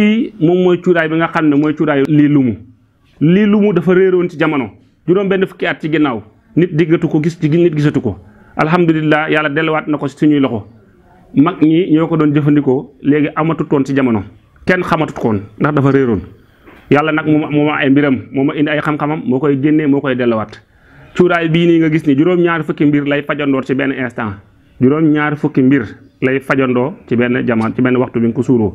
kii moom mooy cuuraay bi nga xam ne mooy cuuraayu lii lumu lii lumu dafa réeroon ci jamono juróom benn fukki at ci ginnaaw nit diggatu ko gis nit gisatu ko alhamdulilah yàlla delluwaat na ko suñuy loxo mag ñi ñoo ko doon jëfandikoo léegi amatutoon ci jamono kenn xamatut koon ndax dafa réeroon yàlla nag moom mooma ay mbiram mooma indi ay xam-xamam moo koy génnee moo koy delluwaat cuuraay bii nii nga gis ni juróom ñaari fukki mbir lay fajandoor ci benn instant juróom-ñaar fukki mbir lay fajandoo ci benn jamono ci benn waxtu bi suuroo